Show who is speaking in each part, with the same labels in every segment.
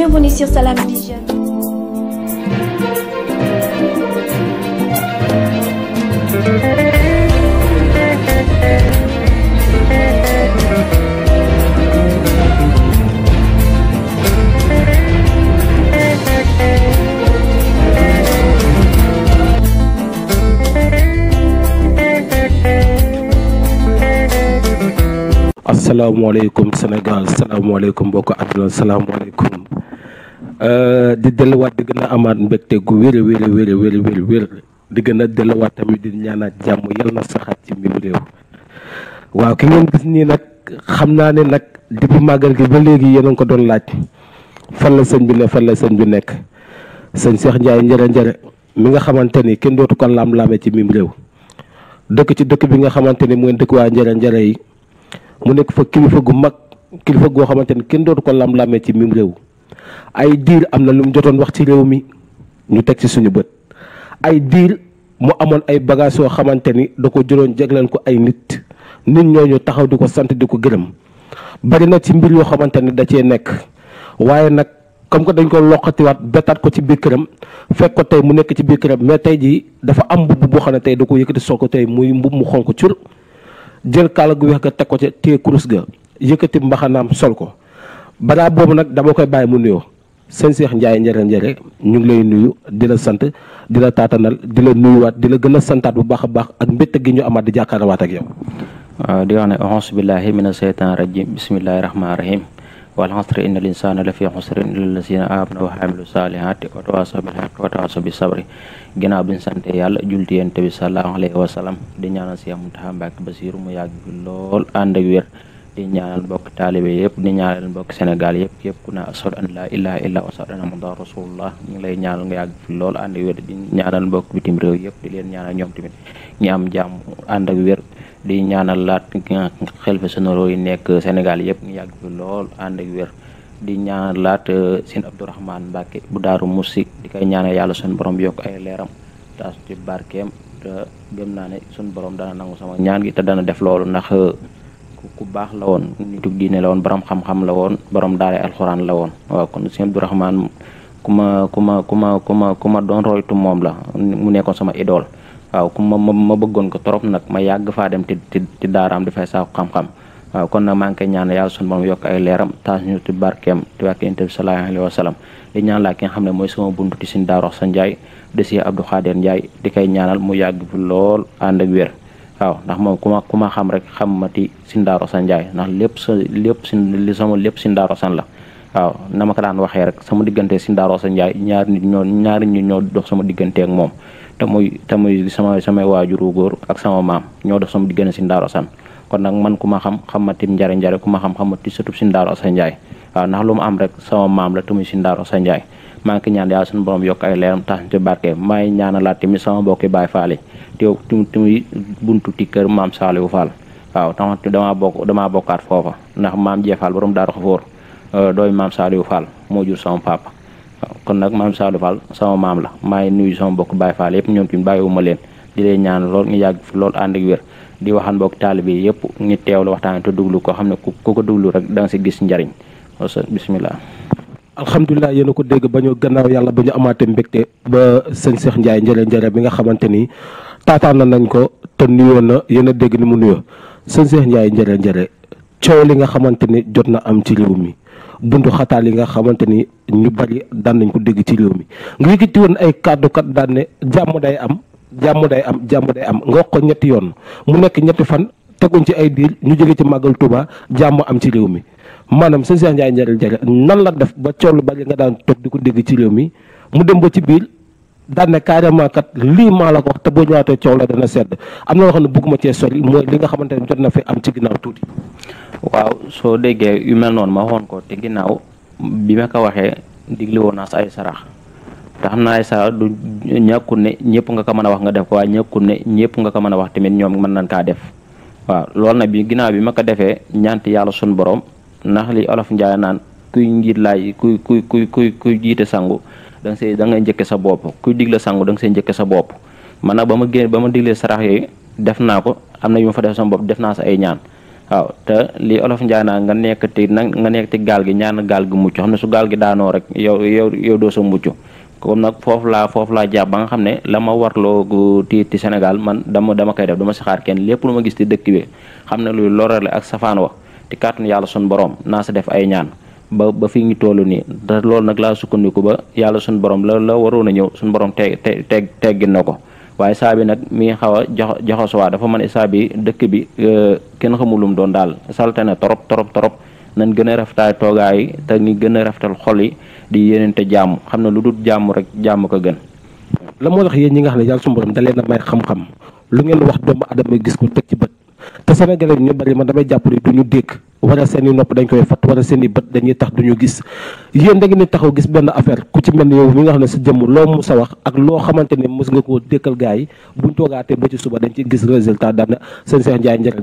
Speaker 1: Bienvenue sur Salam Vision.
Speaker 2: asalaamaaleykum Sénégal salaamaaleykum mbokk àdduna salaamaaleykum Euh, di delluwaat di gën a amaat mbégte gu wér wér wér wér wér di gën a delluwaat tamit di ñaanaat jàmm yal na saxaat ci mbiru réew waaw ki ngeen gis nii nag xam naa ne nag depuis màggal gi ba léegi yéen a ko doon laaj fan la sëñ bi fan la sëñ bi nekk sëñ Cheikh Ndiaye njëre njëre mi nga xamante ni kenn dootu ko laam-laame ci mim réew dëkk ci dëkk bi nga xamante ni mooy dëkk waa njëre njëre yi mu nekk fa kilifa gu mag kilifa goo xamante ni kenn dootu ko laam-laame ci ay diir am na lu mu jotoon wax ci réew mi ñu teg ci suñu bët ay diir mu amoon ay bagages yoo xamante ni da ko jëloon jegleen ko ay nit nit ñooñu taxaw di ko sant di ko gërëm bari na ci mbir yoo xamante ni da cee nekk waaye nag comme que dañ ko loqatiwaat bettaat ko ci biir këram fekk ko tey mu nekk ci biir këram mais tey jii dafa am mbubb boo xam ne tey da ko yëkkati sol ko tey muy mbub mu xonk cur jël kaala gu weex ga teg ko ca téye kurus ga yëkkati mbaxanaam sol ko balaa boobu nag dama koy bàyyi mu nuyoo sëñ Cheikh Ndiaye njëre njëre ñu ngi lay nuyu di la sant di la taatanal di la nuyuwaat di la gën a santaat bu baax a baax ak mbétt gi ñu amaat di jàkkaarloowaat ak yow.
Speaker 1: di wax ne auzu billaahi mina seytaani rajim bismillaahi rahmaani rahim wal asri inna linsaana la fi xusrin illa lazina aamanu wa xamilu saalihaati wa tawaasaw bil xaq wa tawaasaw bi sabri ginnaaw bi ñu sante yàlla julti yonent bi sallallaahu alayhi wa sallam di ñaanal Cheikh Mountakha Mbacké Bassirou mu yàgg lool ànd ak wér di ñaanal mbokk taalibe yëpp di ñaanal mbokk Sénégal yëpp képp ku ne ashadu an laa ilaaha illa wa ashadu anna muhammadan rasulullah ñu ngi lay ñaanal nga yàgg fi lool ànd wér di mbokk bitim réew yëpp di leen ñaanal ñoom tamit ñu am jàmm ànd ak wér di ñaanal laat xelfa sonoro yi nekk Sénégal yëpp ñu yàgg fi lool ànd ak wér di ñaanal laat euh, seen Abdourahmane Mbacke bu daaru Moussi di koy ñaanal yàlla suñu borom yokk ay leeram taas ci barkeem te gëm naa ne suñu borom dana nangu sama ñaan gi te def loolu euh, ku baax la woon nitu diine la woon borom xam-xam la woon borom daara alxuraan la woon waaw kon sëñ Abdou Rahmane ku ma ku ma ku ma ku ma ku ma doon roytu moom la mu nekkoon sama idool waaw ku ma ma bëggoon ko trop nag ma yàgg faa dem ti ti daaraam dafay saako xam-xam waaw kon nag maa ngi koy ñaan yàlla sunu moom yokk ay leeram taas ñu ti barkeem ti wàkk inte bi sallallahu alayhi wa sallam di ñaan ki nga xam ne mooy sama buntu ti sin daarox sa Njaay de si Abdou Khader di koy ñaanal mu yàgg fi lool ànd ak wér waaw ndax moom ku ma ma xam rek xam ma ti sin daaro san Njaay ndax lépp sa lépp sin li sama lépp sin san la waaw nama ka daan waxee rek sama diggante sin daaro sa Njaay ñaari nit ñoo ñaari nit ñoo dox sama diggante ak moom te muy te muy sama samay waajuru góor ak sama maam ñoo dox sama diggante sin daaro san kon nag man ku ma xam xam ma njare njare ku ma xam xam ma ti sëtub sin daaro Njaay waaw ndax lu mu am rek sama maam la te muy sin daaro Njaay maa ngi ñaan yàlla suñu yokk ay leeram tax ñu ci barke maa ngi ñaanalaat tamit sama mbokki Baay Faal yi te tamit buntu ti kër maam Saliou Fall waaw tax damaa bokk damaa bokkaat foofa ndax maam Jee Fall borom Daaru Xafoor euh, dooy moo jur sama papa kon nag maam Saliou Fall sama maam la maa ngi nuyu sama mbokki Baay Faal yëpp ñoom tamit bàyyiwuma leen di leen ñaan lool ñu yàgg fi lool ànd ak wér di waxan mbokk taalibe yi yëpp ñu teewlu waxtaan te duglu ko xam ne ku ko duglu rek da nga si gis njariñ bisimilah.
Speaker 2: alhamdulilah yéen a ko dégg ba ñu gannaaw yàlla ba ñu amaatee mbégte ba sëñ Cheikh Ndiaye njëre njëre bi nga xamante ni taataan nañ ko te nuyoon na yéen a dégg ni mu nuyoo sëñ Cheikh Ndiaye njëre njëre coow li nga xamante ni jot na am ci réew mi buntu xataal yi nga xamante ni ñu bari daan nañ ko dégg ci réew mi nga yëkkati woon ay kàddu daan ne jàmm day am jàmm day am jàmm day am nga wax ko ñetti yoon mu nekk ñetti fan teguñ ci ay diir ñu jóge ci màggal Touba jàmm am ci réew mi maanaam sëñ Cheikh Ndiaye njëriñ njëriñ nan la def ba coow lu bari nga daan toog di ko dégg ci réew mi mu dem ba ci biir daan ne kat lii maa la ko wax te boo ñëwaatee coow la dana sedd am na loo xam ne bëgguma cee sori mooy li nga xamante ne jot na fi am ci ginnaaw
Speaker 1: waaw soo déggee yu mel noonu ma waxoon ko te ginnaaw bi ma ko waxee digle woon naa sa ay sarax te naa ay sarax du ne ñëpp nga ko mën a wax nga def ko waaye ñàkkul ne ñëpp nga ko mën a wax tamit ñoom mën nañ kaa def waaw loolu nag bi ma ko defee ñaanti yàlla suñu borom. ndax li olof njaay naan kuy njiit laaj kuy kuy kuy kuy kuy jiite sangu da nga see da ngay sa bopp kuy digle sangu da nga see njëkke sa bopp man nag ba ma génn ba ma diglee sarax yooyu def naa ko am na yu ma fa def sama bopp def naa sa ay ñaan waaw te olof njaay nga nekk nag nga nekk ti gaal gi ñaan gaal gi mucc xam ne su gaal gi daanoo rek yow yow yow doo sa mucc kon nag foofu laa foofu laa jàpp ba nga xam ne la ma warloo ti ti Sénégal man dama dama koy def dama saxaar kenn lépp lu gis ti dëkk bi xam ne luy lorale ak safaan wa ci kàttanu yàlla sun borom naa sa def ay ñaan ba ba fi ñu toll nii te loolu nag laa sukkandiku ba yàlla sun borom la la waroon a ñëw sun borom teg teg na ko waaye saa bi nag mi xaw a jox joxasuwaa dafa mën saa bi dëkk bi euh, kenn xamulum doon daal salte na torop torop torop nan gën a rafetaay toogaay te ñu gën a rafetal xol yi di yéeneente jàmm xam ne lu dul jàmmu rek jàmm ko gën.
Speaker 2: la moo tax yéen ñi nga xam ne yàlla suñu borom da leen may xam-xam lu ngeen wax te sama Sénégalais ñu bari ma damay jàpp ni du ñu dégg wala seen i nopp dañ koy fat wala seen i bët dañuy tax gis taxaw gis benn affaire ku ci mel ni yow mi xam ne sa jëmm loo mus a wax ak loo xamante ne mos nga koo dëkkal gars yi buñ toogaatee ba ci suba dañ gis résultat daan na seen Cheikh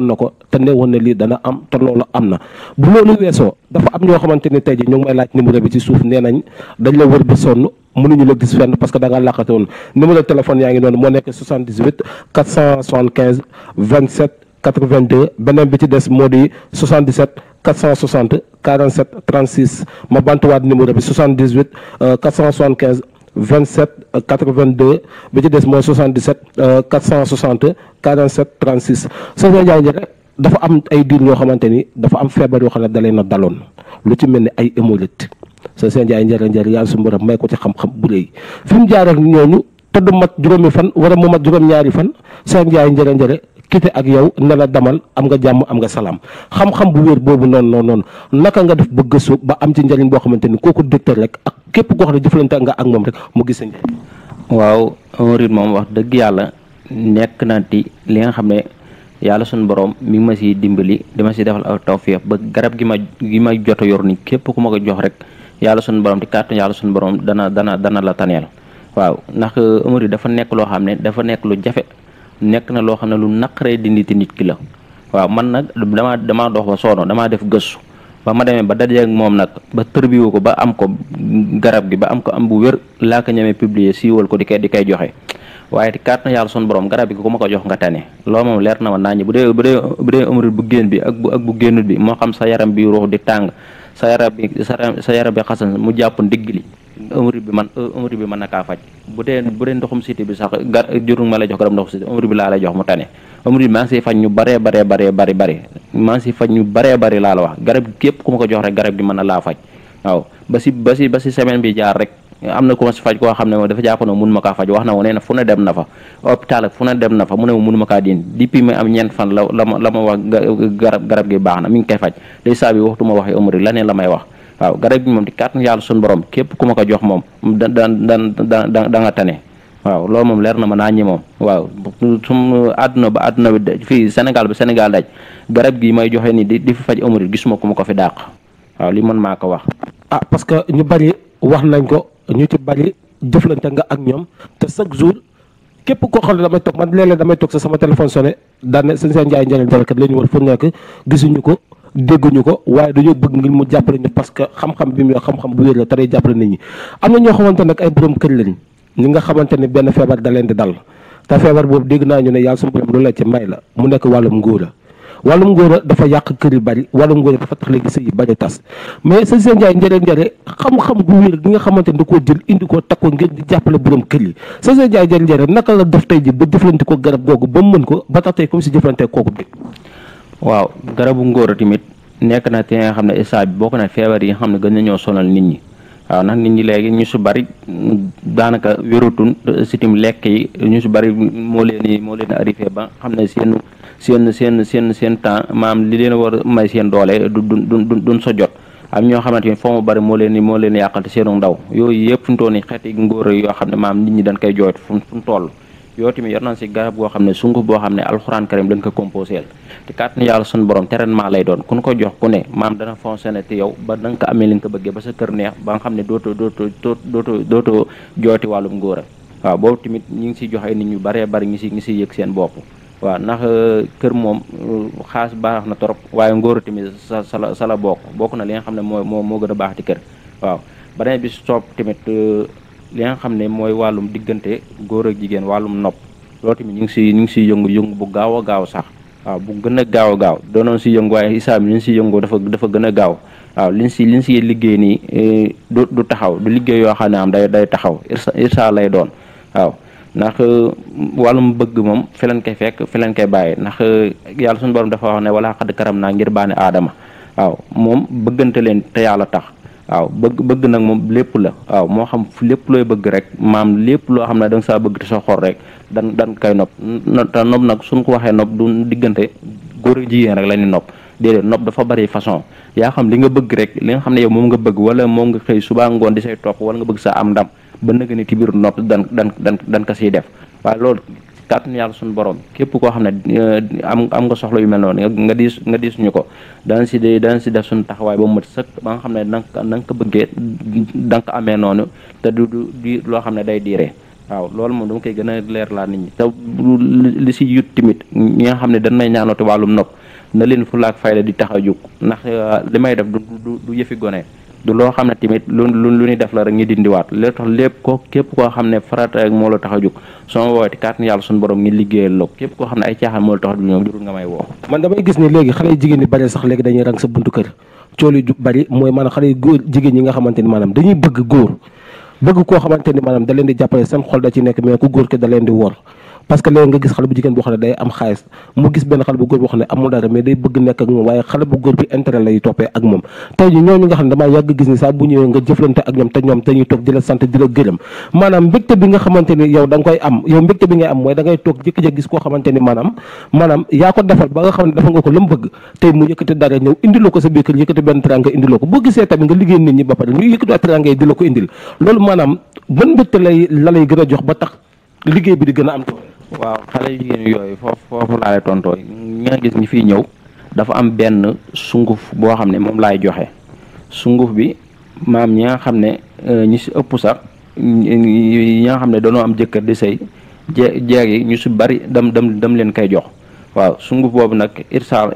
Speaker 2: na ko te ne woon na lii am na. bu loolu weesoo dafa am ñoo xamante ne bi ci suuf nee nañ dañ la wër ba sonn. mënuñu la gis fenn parce que da nga làqate woon numéro téléphone yaa ngi noonu moo nekk 78 475 27 82 beneen bi ci des moo di 77 460 47 36 ma bantuwaat numéro bi 78 475 27 82 bi ci des mooy 77 460 47 36 soxna Ndiaye Ndiaye dafa am ay diir yoo xamante ni dafa am feebar yoo xam ne da na a daloon lu ci mel ni ay hémorroïdes soxna Ndiaye Ndiaye Ndiaye yàlla su borom may ko ci xam-xam bu rëy fi mu jaar ak ñooñu te du fan wala mu ñaari fan soxna Ndiaye Ndiaye Ndiaye. kite ak yow ne la am nga jàmm am nga salaam xam-xam bu wér boobu noonu noonu noon naka nga def ba gëstu ba am ci njëriñ boo xamante ni kooku docteur rek ak képp gox xam ne jëflante nga ak moom rek mu gis sa njëriñ. waaw
Speaker 1: murid moom wax dëgg yàlla nekk na ti li nga xam ne yàlla suñu borom mi ngi ma siy dimbali dama si defal aw tawfeex ba garab gi ma gi ma jot yor ni képp ku ma jox rek yàlla suñu borom ti yàlla suñu borom dana dana dana la taneel waaw dafa nekk loo xam ne dafa nekk lu jafe. nekk na loo xam ne lu naqaree dindi ti nit ki la waaw man nag damaa damaa dox ba soono damaa def gëstu ba ma demee ba dajeeg moom nag ba tërbiwu ko ba am ko garab gi ba am ko am bu wér laa ko ñemee publier siiwal ko di koy di koy joxe waaye kaat na yàlla soon borom garab gi ku ma ko jox nga tane loolu moom leer na ma naa ñi bu dee bu dee bu dee ëmrit bu génn bi ak bu ak bu génnut bi moo xam sa yaram bi ruux di tàng sa yaram bi sa yaram bi xasan mu jàpp ndigg li ëmri bi man ëmri bi mën na kaa faj bu dee bu dee ndoxum siti bi sax gar jurul ma lay jox garab ndoxum siti ëmri bi laa lay jox mu tane ëmri bi maa faj ñu baree baree baree bari bari maa ngi ñu baree bari laa la wax garab képp ku ma ko jox garab gi mën na laa faj waaw ba si ba si ba si semaine bi jaar rek am na ku ma si faj koo xam ne moom dafa jàpp ne mun ma kaa faj wax na ma nee na fu ne na fa hôpital fu na fa mu ne ma mun ma kaa diin depuis may am ñeent fan la la ma la ma wax garab garab gi baax na mi ngi koy faj day saa bi waxtu ma waxee ëmri la ne la may wax waaw garab gi moom di kàttan yàlla suñu borom képp ku ma ko jox moom da da da da nga tane waaw loolu moom leer na ma naa ñi moom waaw sum àdduna ba àdduna bi fii Sénégal ba Sénégal daj garab gi may joxe ni di di faj amari gisuma ku ma ko fi dàq waaw li mën maa ko wax
Speaker 2: ah parce que ñu bari wax nañ ko ñu ci bari jëflante nga ak ñoom te chaque jour képp koo xam ne damay toog man léeg-léeg damay toog sa sama téléphone sonné daane sëñ seen njaay njëriñ dara kat la war fu nekk gisuñu ko dégguñu ko waaye dañoo bëgg ngir mu jàppale ñu parce que xam-xam bi mu yor xam-xam bu wér la te day jàppale nit ñi am na ñoo xamante nag ay borom kër lañ ñi nga xamante ne benn feebar da leen di dal te feebar boobu dégg naa ñu ne yàlla suñu borom lu la ci may la mu nekk wàllum ngóora wàllum ngóora dafa yàq kër yu bari wàllum ngóora dafa tax léegi sa yi bari tas mais sa seen njaay njëre njëre xam-xam bu wér gi nga xamante ni da koo jël indi koo takk ko ngir di jàppale kër yi sa seen njaay njëre naka la def tey ji ba jëflante ko garab googu ba mu mën ko ba tax tey comme si jëflante kooku
Speaker 1: waaw garabu ngóor tamit nekk na te nga xam ne isa bokk na feebar yi nga xam ne gën ñoo sonal nit ñi waaw nax nit ñi léegi ñu su bari daanaka wérutun sitim lekk yi ñu su bari moo leen moo leen arrivé ba xam ne seen seen seen seen seen temps maam li leen war may seen doole du du du duñ sa jot am ñoo xamante ni foo mu bari moo leen moo seenu ndaw yooyu yëpp fu mu toll nii xeeti ngóor yoo xam ne maam nit ñi dañ koy jooytu fu mu toll. yoo tamit yor nañ si garab goo xam ne sunguf boo xam ne alxuraan karim lañ ko composé te kàttan yàlla sun borom traitement lay doon ku ñu ko jox ku ne maam dana fonctionné te yow ba danga ko amee li nga ko bëggee ba sa kër neex ba nga xam ne dootoo dootoo dootoo jooti wàllum ngóor a waaw tamit ñi ngi si joxe nit ñu baree bari ñi si ñi si yëg seen bopp waaw ndax euh, kër moom euh, xaas baax na trop waaye ngóor tamit sa sa la bokk bokk na li nga xam ne moo moo gën a baax ti kër waaw beneen bi si topp tamit euh, li nga xam ne mooy wàllum diggante góor ak jigéen wàllum nopp loolu tamit ñu ngi si ñu ngi siy yëngu yëngu bu gaaw a gaaw sax waaw bu gën a gaaw a gaaw doonoon si yëngu waaye isaam li ñu si yëngoo dafa dafa gën a gaaw waaw liñ si liñ si liggéey nii eh, du du taxaw du liggéey yoo xam ne am day day taxaw irsa lay doon waaw ndax eh, wàllum bëgg moom fi leen koy fekk fi leen koy bàyyi ndax eh, yàlla suñu borom dafa wax ne wala xadd karam naa ngir baane aadama waaw moom bëggante leen te yàlla tax waaw bëgg bëgg nag moom lépp la waaw moo xam lépp looy bëgg rek maam lépp loo xam ne da saa bëgg te sa xor rek dan dan kay nopp te nopp nag suñ ko waxee nopp du diggante góor a jigéen rek la ñu nopp déedéet nopp dafa bari façon yaa xam li nga bëgg rek li nga xam ne yow moom nga bëgg wala moom nga xëy suba ngoon di say topp wala nga bëgg saa am ndam ba nëga ni ci biir nopp dan dan dan dan ko siy def waaye loolu kàttanu yàlla suñu borom képp koo xam ne eh, am am nga soxla yu mel noonu nga diis nga diis ko daan si de daan si def suñu taxawaay ba mu mat sëkk ba nga xam ne danga ko ko bëggee danga amee noonu te du loo xam ne day diire waaw loolu moom dama koy gën a leer laa nit ñi te li si yut timit ñi nga xam ne dañ may ñaanoote wàllum nopp na leen fulaak fayda di tax a jóg ndax eh, li may def du du du yëfi gone du loo xam ne tamit lu lu ñu def la rek ñu dindiwaat li tax lépp ko képp koo xam ne farata rek moo la tax a jóg soo ma woowee kàttan yàlla suñu borom ngi liggéeyal koo xam ne ay caaxaan moo la a jóg ñoom jurul nga may woo.
Speaker 2: man damay gis ni léegi xale jigéen ñi bari sax léegi dañuy rang sa buntu kër cool yu bari mooy maanaam xale góor jigéen ñi nga xamante ni maanaam dañuy bëgg góor bëgg koo xamante ni maanaam da leen di jàppale seen xol da ci nekk mais ku góor ke da leen di wor parce que léegi nga gis xale bu jigéen boo xam ne day am xaalis mu gis benn xale bu góor boo xam ne amul dara mais day bëgg nekk ak moom waaye xale bu góor bi intérêt lay toppee ak moom tey ñoom te ñoom toog di la sant di la gërëm maanaam mbégte bi nga xamante ni yow da koy am yow mbégte bi ngay am mooy da ngay toog jékki-jékki gis koo xamante ni maanaam maanaam yaa ko defal ba nga xam ne defal nga ko la mu bëgg tey mu yëkkati dara ñëw indiloo ko sa a jox liggéey bi di gën a am doole.
Speaker 1: waaw xale jigéen yooyu foofu foofu laa lay tontoo ñi gis ñi fiy ñëw dafa am benn sunguf boo xam ne moom laay joxe sunguf bi maam ñi xam ne euh, ñi si ëpp sax ñi xam ne danoo am jëkkër di sëy je ñu si bari dam dam dam leen koy jox waaw sunguf boobu nag irsa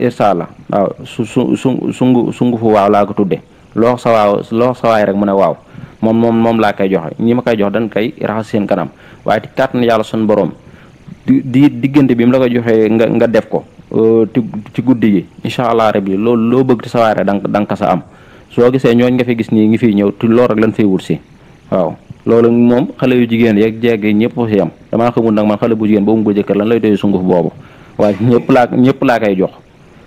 Speaker 1: su su su sungu sungufu waaw laa ko tudde loo sa loo sa waay mu ne waaw moom moom moom laa koy joxe ñi ma koy jox dañ koy raxas seen kanam waaye ci kàttan yàlla suñu borom di diggante bi mu la koy joxee nga nga def ko euh, ci guddi gi incha allah rabbi loolu loo bëgg sa waare danga danga sa am soo gisee ñooñ nga fi gis nii ngi fiy ñëw te loolu rek lañ fay wut si waaw loolu moom xale yu jigéen yeek jeeg yi ñëpp si am damaa xamul nag man xale bu jigéen boobu mu ko jëkkër lan lay doy sunguf boobu waaye ñëpp laa ñëpp laa koy jox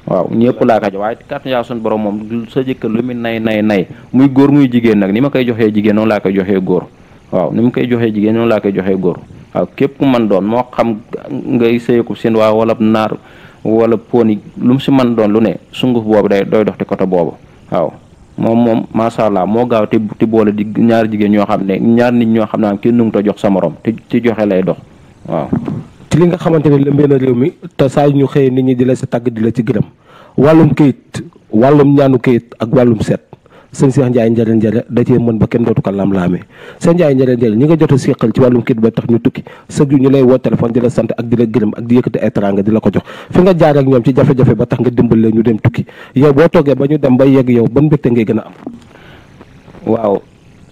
Speaker 1: waaw ñëpp laa koy jox waaye kàttan yàlla borom moom sa jëkkër lu muy nay nay nay muy góor muy jigéen nag ni ma koy joxee jigéen laa koy joxee góor waaw ni mu koy joxee jigéen noonu laa koy joxee góor waaw képp man doon moo xam ngay sëyeeku seen waaw wala naar wala pooni lu mu si man doon lu ne sunguf boobu day doy dox te côté boobu waaw moom moom macha allah moo gaaw te ti boole di ñaar jigéen ñoo xam ne ñaar nit ñoo xam ne kenn nu ta jox sa morom te ci joxe lay dox
Speaker 2: waaw. te li nga xamante ne lëmbee na réew mi te saa ñu xëyee nit ñi di la si tàgg di la ci gërëm wàllum kayit wàllum ñaanu kayit ak wàllum set. sëñ Cheikh Ndiaye njëriñ njëriñ da cee mën ba kenn dootu ko lam-laamee sëñ Ndiaye njëriñ njëriñ ñi nga jot a seqal ci wàllum kit ba tax ñu tukki sëg yu ñu lay woo téléphone di la sant ak di la gërëm ak di yëkkati ay teranga di la ko jox fi nga jaar ak ñoom ci jafe-jafe ba tax nga dimbal leen ñu dem tukki yow boo toogee ba ñu dem ba yegg yow ba mbégte ngay gën a am waaw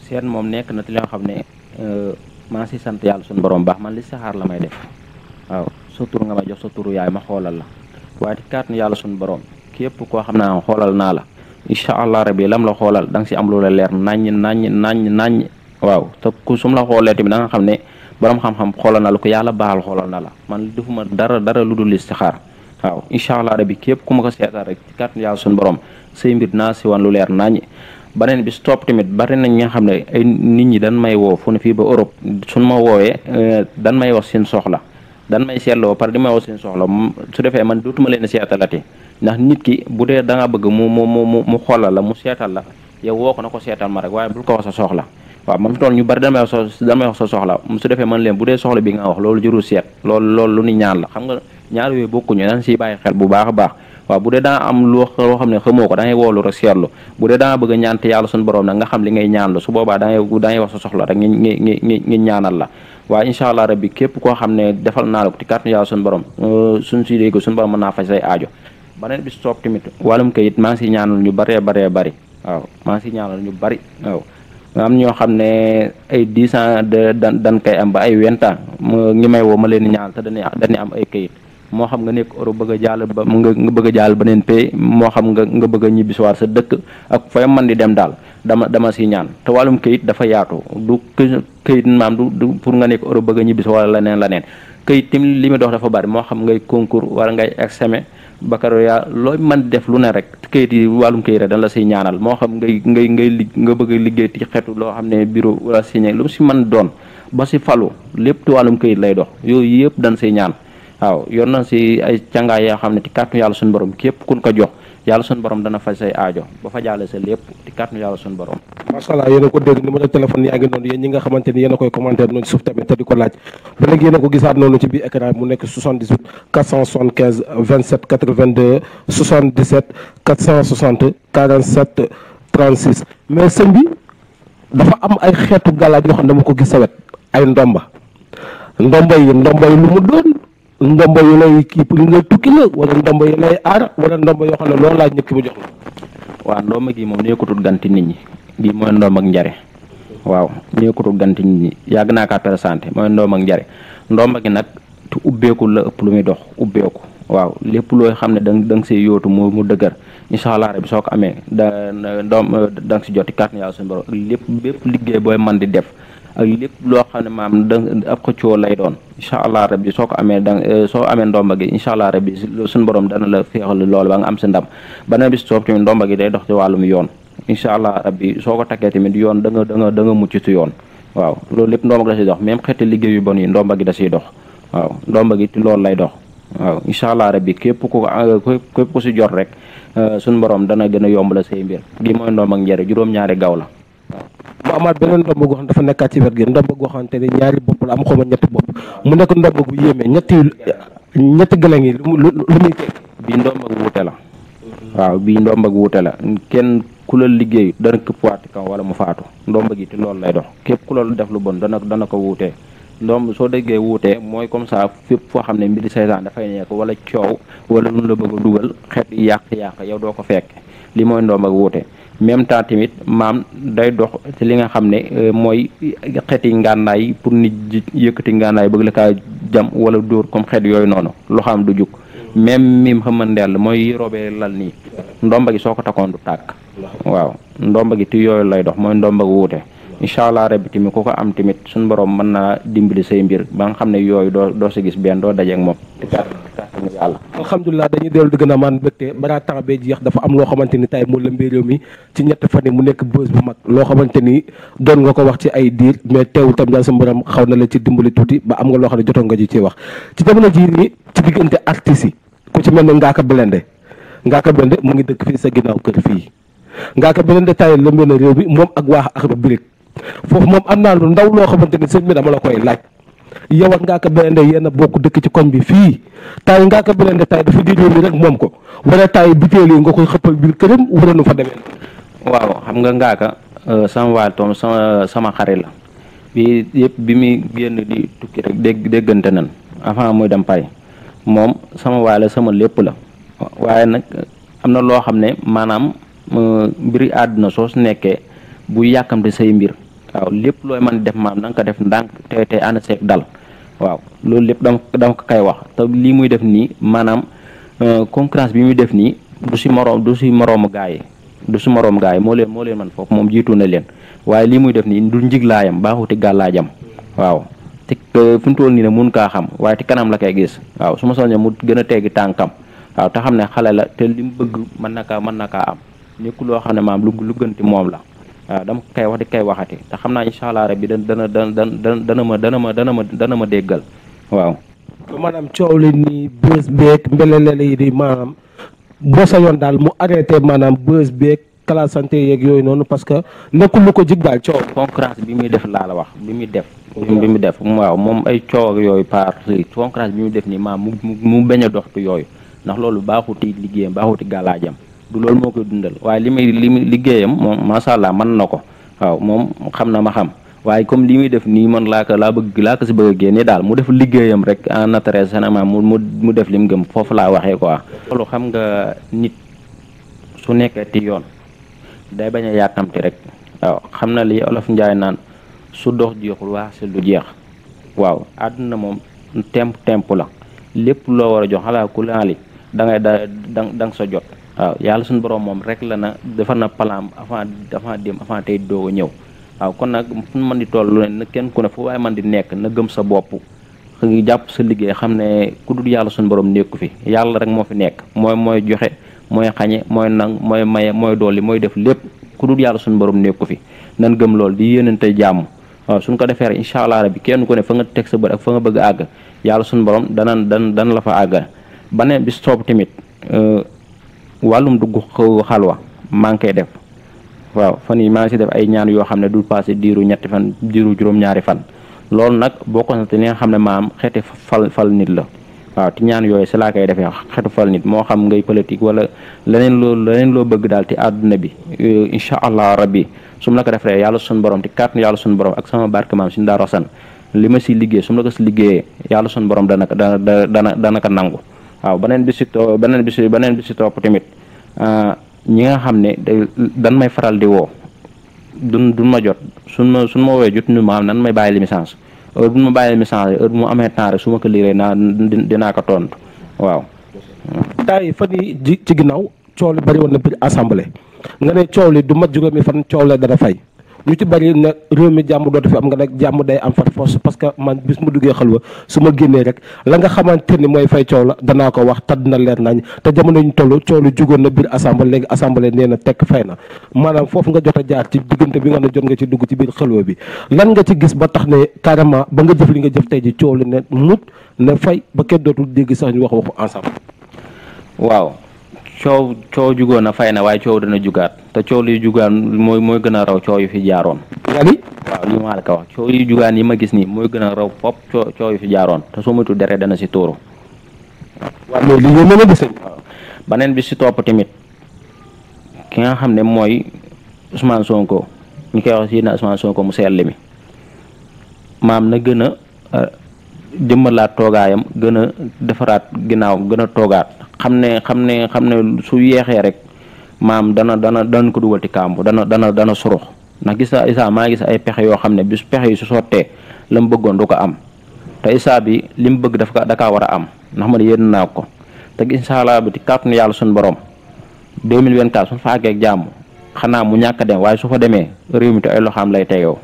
Speaker 1: seen moom nekk na ci li nga xam ne euh, maa si sant yàlla suñu borom baax man li saxaar la may def waaw sa tur nga ma jox sa turu yaay ma xoolal la waaye yàlla suñu borom képp koo xam naa xoolal naa la incha allah rabi lam la xoolal danga si am lu la leer naññ naññ naññ naññ waaw te ku sum la xoolee tamit da nga xam ne borom xam-xam xoolal na la ko yàlla baal xoolal na la man defuma dara dara lu dul istixaar waaw incha allah rabi képp ku ma ko seetaan rek ci kàttan suñu borom say mbir naa si wan lu leer naññ beneen bi stop tamit bari nañ ñi nga xam ne ay nit ñi dañ may woo fu ne fii ba Europe suñ ma woowee eh, dan may wax seen soxla dan may seetloo par di ma woo su defee man dootuma leen seetalati ndax nit ki bu dee da bëgg mu mu mu mu xoolal la mu seetal la yow woo ko na ko seetal ma rek waaye bul ko wax sa soxla waaw man fi ñu bari dan may wax sa dan may wax soxla su defee man leen bu dee soxla bi nga wax loolu juru seet loolu loolu lu ni ñaan la xam nga ñaar yooyu bokkuñu dañ siy bàyyi xel bu baax a baax waaw bu dee da nga am loo xam ne xamoo ko da ngay woolu rek seetlu bu dee da nga bëgg a ñaan te yàlla suñu boroom nag nga xam li ngay ñaan la su boobaa da ngay da ngay wax sa soxla rek ngi ngi ngi ñaanal la waa incha allah rabbi képp koo xam ne defal naa la ko ci kàttanu yàlla suñu borom euh, suñ si ko suñu borom mën naa faj say aajo baneen bis soob tamit wàllum kayit maa ngi si ñaanal ñu baree baree bari waaw maa ngi ñaanal ñu bari waaw am ñoo xam ne ay dix ans de dan dan koy am ba ay vingt ans ngi may woo ma leen ñaanal te dañuy am ay kayit moo xam nga nekk Europe bëgg a jàll ba nga bëgg a jàll beneen pays moo xam nga nga bëgg a ñibbisiwaat sa dëkk ak fooy man di dem daal dama dama si ñaan te wàllum këyit dafa yaatu du këyit maam du pour nga nekk Europe bëgg a ñibbisi wala leneen leneen këyit tim li muy dox dafa bari moo xam ngay concours wala ngay examen baccalauréat looy man di def lu ne rek këyit yi wàllum këyit rek dañ la siy ñaanal moo xam nga ngay ngay li nga bëgg liggéey ti xeetu loo xam ne bureau wala signé lu mu si man doon ba si falu lépp ci wàllum këyit lay dox yooyu yëpp dañ siy ñaan waaw yor na si ay càngaay yoo xam ne ci kàttanu yàlla suñu borom képp kun ko jox yàlla suñu borom dana faj say aajo ba fa jaale sa lépp ci kàttanu yàlla suñu borom
Speaker 2: macha allah yéen a ko dégg numéro téléphone yaa ngi noonu yéen ñi nga xamante ni yéen a koy commentaire noonu suuf tamit te di ko laaj ba léegi yéen a ko gisaat noonu ci biir écran mu nekk 78 475 27 82 77 460 47 36 mais sëñ bi dafa am ay xeetu gàllaaj yoo xam ne dama ko gis sa wet ndomba yu lay kii pour nga tukki la wala ndomba yu lay aar wala ndomba yoo xam ne loolu laaj ñëkk bu jox
Speaker 1: waaw ndomba gi moom nekkutul ganti nit ñi gi mooy ndoom ak njare waaw nekkutul ganti nit ñi yàgg naa ka présenté mooy ndoom ak njare ndomba gi nag tu ubbeeku la ëpp lu muy dox ubbeeku waaw lépp looy xam ne da da nga see yóotu mu mu dëgër incha allah rabi soo ko amee da ndoom da si joti kàttan yàlla suñu borom lépp bépp liggéey booy man di def ak lépp loo xam ne maam da ab lay doon incha allah rabbi soo ko amee da eh, soo amee ndomba gi incha allah bi suñu borom dana la féexal loolu ba nga am sa ndam bana bis soob tamit ndomba day dox ci wàllum yoon incha allah rabbi soo ko takkee tamit yoon da nga da nga da nga mucc ci yoon waaw lool lépp ndomba gi da ciy dox même xeeti liggéey yu bon yi ndomba gi da ciy dox waaw ndomba gi loolu lay dox waaw incha allah rabbi képp eh, képp ko si jot rek eh, suñu borom dana gën a yomb la say mbir gi mooy ndomba ak njëre juróom-ñaari gaaw la
Speaker 2: mu amaat beneen ndomb goo xam ne dafa nekkaat ci wet gi ndomb goo xamante ne ñaari bopp la am xawma ñetti bopp mu nekk ndomb gu yemee ñetti ñetti gëlëm yi lu lu muy teg
Speaker 1: bii ndomb gu wuute la waaw bii ndomb gu wuute la kenn ku la liggéey dana këppwaati kaw wala mu faatu ndomb gi ci loolu lay dox képp ku la def lu bon dana dana ko wuutee ndomb soo déggee wuutee mooy comme ça fépp foo xam ne mbiri seytaan dafay nekk wala coow wala lu la bëgg a dugal xeet yàq-yàq yow doo ko fekk li mooy ndomb gu wuute même temps tamit maam day dox ci li nga xam ne euh, mooy xeeti ngànnaay pour nit yëkkati ngànnaay bëgg la kaa jam wala dóor comme xeet yooyu noonu loo loxaam du jug même mim xamandeel mooy robee lal nii ndomba gi soo ko takkoon du tàkk waaw ndomba gi ti yooyu lay dox mooy ndomba gi wuute incha allah rabbi tamit ku ko am tamit suñu borom mën na dimbali say mbir ba nga xam ne yooyu doo doo si gis benn doo dajeeg moom kàttanu
Speaker 2: yàlla dañuy dellu di gën a maan mbégte balaa temps bee jeex dafa am loo xamante ni tey moo lëmbee réew mi ci ñett fan yi mu nekk bës bu mag loo xamante ni doon nga ko wax ci ay diir mais teewul tam daal sa mboram xaw na la ci dimbali tuuti ba am nga loo xam ne jotoon nga ji ci wax ci na jii nii ci diggante artistes yi ku ci mel ne Ngaaka Blindé Ngaaka Blindé mu ngi dëkk fii sa ginnaaw kër fii Ngaaka Blindé tey lëmbee na réew mi moom ak waax ak rubrique foofu moom am naa lu ndaw loo xamante ni sëñ bi dama la koy laaj yow ak Ngaaka Blindé yéen a bokk dëkk ci koñ bi fii taay Ngaaka Blindé taay dafa géejoo nii rek moom ko wala taay butéel yi nga koy xëppal biir këram wala nu fa demee.
Speaker 1: waaw xam nga Ngaaka euh, sama waa toom sama sama xarit la bi yépp bi muy génn di tukki rek déggante nan avant muy dem pay moom sama waa la sama lépp la waaye nag am na loo xam ne maanaam euh, mbir àdduna soo nekkee bu yàkkamte say mbir. waaw lépp looy man def maam na nga ko def ndànk te te ànd seeg dal waaw loolu lépp dama dama ko kay wax te lii muy def nii maanaam euh, concurrence bi muy def nii du si moroom du si moroomu gaa yi du si moroomu gaa yi moo leen moo leen man foofu moom jiitu na leen waaye lii muy def nii du njiglaayam baaxuti gàllaajam waaw te fi mu toll nii ne mun kaa xam waaye te kanam la kay gis waaw su ma soññee mu gën a teggi tànkam waaw te xam ne xale la te li mu bëgg man na kaa mën na kaa am nekku loo xam ne maam lu lu gën ci moom la waaw dama kay wax di kay waxati te xam naa incha allah rabbi dana dana dana dana ma dana ma dana ma dana ma déggal waaw.
Speaker 2: coow li nii bës beeg mbelelele yi di maanaam boo sa yoon daal mu arrêté maanaam bës beeg classe santé yeeg yooyu noonu parce que nekkul lu ko jig daal coow.
Speaker 1: concurrence bi muy def laa la wax bi muy def. bi mu def waaw moom ay coow yooyu par concurrence bi mu def nii maam mu mu mu bañ a doxtu yooyu ndax loolu baaxuti liggéeyam baaxuti gàllaajam du loolu moo koy dundal waaye li muy li mu liggéeyam moom macha allah mën na ko waaw moom xam na ma xam waaye comme li muy def nii man laa ko laa bëgg laa ko si bëgg a génne daal mu def liggéeyam rek en intérêt généralement mu mu def li mu gëm foofu laa waxee quoi. loolu xam nga nit su nekkee ci yoon day bañ a yàkkamti rek waaw xam na li olof njaay naan su dox jeexul waa si lu jeex waaw àdduna moom temp temp la lépp loo war a jox xalaat ku laali da ngay da da nga sa jot. waaw yàlla suñu borom moom rek la na defar na palam avant avant dem avant tey ñëw waaw kon nag fu mën di toll lu ne kenn ko ne fu waaye man di nekk na gëm sa bopp jàpp sa liggéey xam ne ku dul yàlla suñu borom nekku fi yàlla rek moo fi nekk mooy mooy joxe mooy xañe mooy nang mooy maye mooy dolli mooy def lépp ku dul suñu borom nekku fi nan gëm loolu di te jàmm waaw suñ ko defee rek incha allah rabbi kenn ko ne fa nga teg sa bët ak fa nga bëgg àgg yàlla suñu borom danan dan dan la fa àgg baneen bis soob tamit euh, wàllum dugg xalwa maa ngi koy def waaw fan yi maa si def ay ñaan yoo xam ne du passé diiru ñetti fan diiru juróom-ñaari fan loolu nag boo constaté li nga xam ne maam xeeti fal fal nit la waaw te ñaan yooyu si laa koy defee xeetu fal nit moo xam ngay politique wala leneen loo leneen loo bëgg daal ci àdduna bi incha allah rabbi su ma la ko defee yàlla suñu borom te kàttan yàlla suñu borom ak sama barke maam suñu daa rosan li ma si liggéey su ma la ko si liggéeyee yàlla suñu borom dana dana dana dana ko nangu waaw beneen bi si beneen bi si beneen bi si topp tamit ah, ñi nga xam ne dan may faral di woo duñ du ma jot suñ ma suñ ma woowee jot nu ma am nan may bàyyi li licence heure bu ma bàyyi li licence mu amee
Speaker 2: temps su ma ko liiree naa dinaa ko tontu waaw. temps yi fan yi ci ginnaaw coow li bari woon na biir assemblée nga ne coow li du mat juróomi fan coow la dana fay. ñu ci bari ne réew mi jàmm dootu fi am nga nag jàmm day am far force parce que man bis ma duggee xalwa su ma génnee rek la nga xamante ni mooy fay coow la danaa ko wax tadd na leer nañ te jamono ñu toll coow lu jugoon na biir assemblée léegi assemblée nee na tekk fay na maanaam foofu nga jot a jaar ci diggante bi nga ne jot nga ci dugg ci biir xalwa bi lan nga ci gis ba tax ne carrément ba nga jëf li nga jëf tey ji coow li ne mut ne fay ba kenn dootul dégg sax ñu wax waxu ensemble waaw
Speaker 1: coow coow jugoon na fay na waaye coow dana jugaat te coow liy jugaan mooy gën a raw coow yu fi jaaroon. rabi waaw ma la wax coow yi ma gis nii mooy gën a raw pop yu fi jaaroon te soo moytuwul deret dana si tuuru. waaw loolu beneen bi si topp tamit ki nga xam ne mooy Ousmane Sonko ñu koy wax si na Ousmane Sonko mu sell mi maam na gën a euh, dimbalaat toogaayam gën a defaraat ginnaaw gën a toogaat. xam ne xam ne xam ne su yeexee rek maam dana dana dana ko dugal ci kàmb dana dana dana surux ndax gis naa Isaa maa gis ay pexe yoo xam ne bi su pexe yi su sottee la mu bëggoon du ko am te Isaa bi li mu bëgg daf ka da kaa war a am ndax man yéen naa ko te incha allah bi ci kàttanu yàlla suñu borom 2024 suñu fa àggee ak jàmm xanaa mu ñàkk dem waaye su fa demee réew mi te ay
Speaker 2: loxaam lay tegoo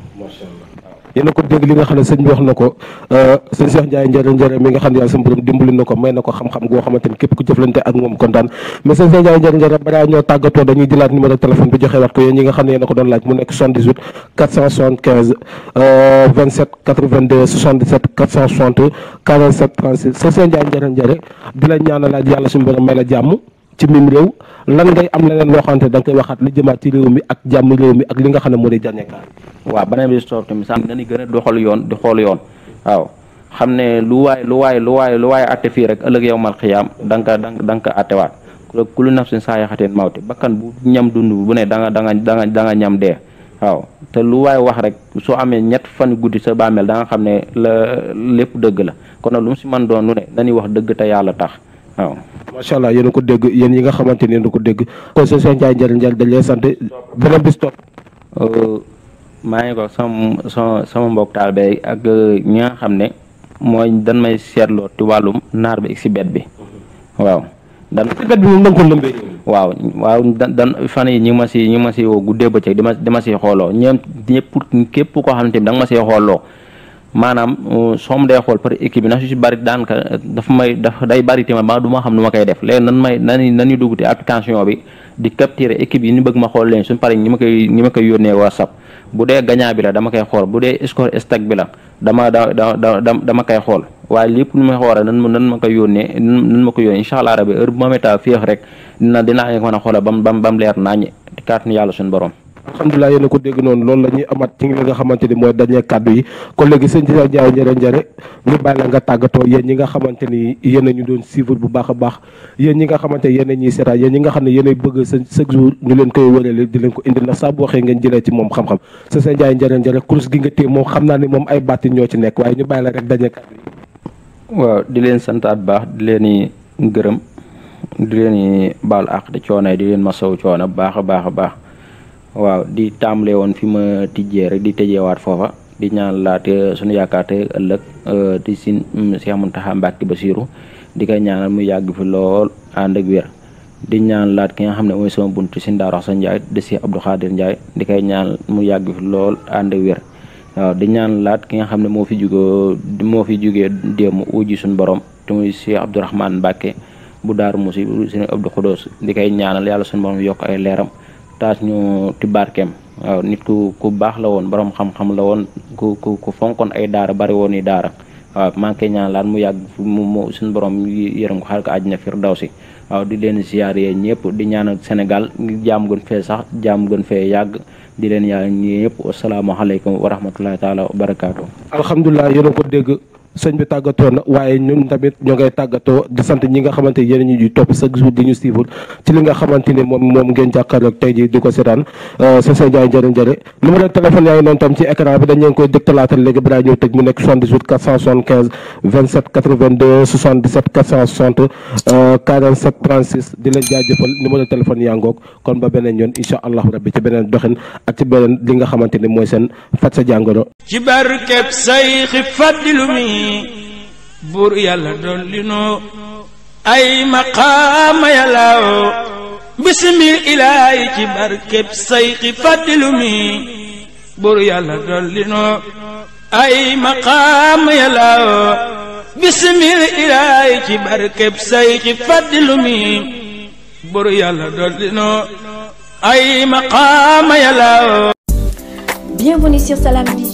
Speaker 2: yéen ko dégg li nga xam ne sëñ bi wax na ko euh, sëñ Cheikh Ndiaye njëriñ njëriñ mi nga xam ne yàlla sama borom dimbali na ko may na ko xam-xam goo xamante ni képp ku jëflante ak moom kontaan mais sëñ Cheikh Ndiaye njëriñ njëriñ balaa ñoo tàggatoo dañuy jëlaat numéro téléphone bi joxe waat ko yéen ñi nga xam ne yéen a ko doon laaj mu nekk 78 475 27 82 77 di la ñaanalaat yàlla suñu borom may la jàmm ci mim réew lan ngay am leneen loo xamante da nga koy waxaat li jëmaat ci réew mi ak jàmm réew mi ak li nga xam ne moo di jànneekaar
Speaker 1: waaw beneen bi soob tamit sax nañu gën a doxal yoon di xool yoon xam ne lu waay lu waaye lu waay lu waaye atte fii rek ëllëg yow mal xiyaam da nga ko da nga ko attewaat ku lu nafsin saa yaxateen mawti bakkan bu ñam dund bu ne danga nga danga danga ñam dee waaw te lu waaye wax rek soo amee ñett fan guddi sa bàmmeel da nga xam ne la lépp dëgg la kon nag lu mu si man doon lu ne dañuy wax dëgg te yàlla tax
Speaker 2: macha allah yéen ko dégg yéen yi nga xamante ni yéen ko dégg kon seen seen njaay njëriñ njëriñ dañ sant beneen bis topp. Euh,
Speaker 1: maa ngi ko sama sama sama mbokk taal bi ak euh, ñi xam ne mooy dan may seetloo ci wàllum naar bi si bet bi waaw. dan si bet bi moom da nga ko lëmbee. waaw waaw dan fan yi ñu ngi ma si ñu ma si woo guddee bëccëg di ma di ma si xooloo ñoom ñëpp képp koo xam ne tamit da nga ma see xooloo. maanaam euh, soo mu dee xool par équipe bi na su si bari daanaka dafa may dafa day bari te ma du ma xam nu ma koy def léegi nan may nan nañu dugg ci application bi di capturer équipe yi ñu bëgg ma xool leen suñ pare ñi ma koy ñi ma koy yónnee whatsapp bu dee gagnant bi la dama koy xool bu dee score stack bi la dama da da dama koy xool waaye lépp lu may xoora nan nan ma koy yónnee nan ma ko yónnee incha allah rabi heure bu ma métta féex rek dina dinaa mën a xoola bam bam bam leer naañi kàttanu yàlla suñu borom
Speaker 2: alhamdulilah yéen ko dégg noonu loolu la ñuy amat ci li nga xamante ni mooy dernier kàddu yi kon léegi sëñ Ndiaye Ndiaye njëre njëre ñu bàyyi la nga tàggatoo yéen ñi nga xamante ni yéen a ñu doon suivre bu baax a baax yéen ñi nga xamante yéen a ñuy seetaan ñi nga xam ne yéen bëgg sa chaque jour ñu leen koy wërale di leen ko indil na saa bu waxee ngeen jëlee ci moom xam-xam sa sëñ kurus gi nga téye moom xam naa ni moom ay baati ñoo ci nekk waaye ñu bàyyi la rek dernier kàddu
Speaker 1: yi waaw di leen santaat baax di leen gërëm di leen baal àq di coono di leen masaw coono baax a baax a baax waaw di tàmbale woon fi ma tijjee rek di tëjeewaat foofa di ñaan laate suñu yaakaar te ëllëg di euh, sin mm, Cheikh Mountakha Mbacké Bassirou di koy ñaanal mu yàgg fi lool ànd ak weer di ñaan laat ki nga xam ne mooy sama buntu si Ndaarax sa Ndiaye di si Abdou Khadir di koy ñaan mu yàgg fi lool ànd ak wér waaw laat ki nga xam ne moo fi jugoo moo fi jugee démb uji suñu borom te muy Cheikh Abdourahmane Mbacké bu Daaru Musi suñu Abdou Khoudous di koy ñaanal yàlla suñu borom yokk ay leeram taas ñu ti barkeem waaw nit ku ku baax la woon boroom xam-xam la woon ku ku ku fonkoon ay daara bari woon i daara waaw manqué ñaan laan mu yàgg mu suñu boroom yërëm ko xaar ko àjjana firdawsi waaw di leen ziyaar yee ñëpp di ñaanal Sénégal jaam gën fee sax jaam gën fee yàgg di leen yaa ñëpp asalaamaaleykum wa rahmatullahi taala barakaatu. alhamdulilah yéen
Speaker 2: ko dégg. sëñ bi tàggatoo na waaye ñun tamit ñoo ngay tàggatoo di sant ñi nga xamante ni yéen ñu di topp chaque jour di ñu suivre ci li nga xamante mooy seen faj sa jàngoro. ci barkeb say xi fàddilu mi buur yàlla dolli ay maqaama yàllaaw bisimil ilaahi barkeb sayxi fàddilu mi buur yàlla dolli noo ay maqaama yàllaaw bisimil ilaahi barkeb sayxi fàddilu mi buur ay maqaama
Speaker 1: yàllaaw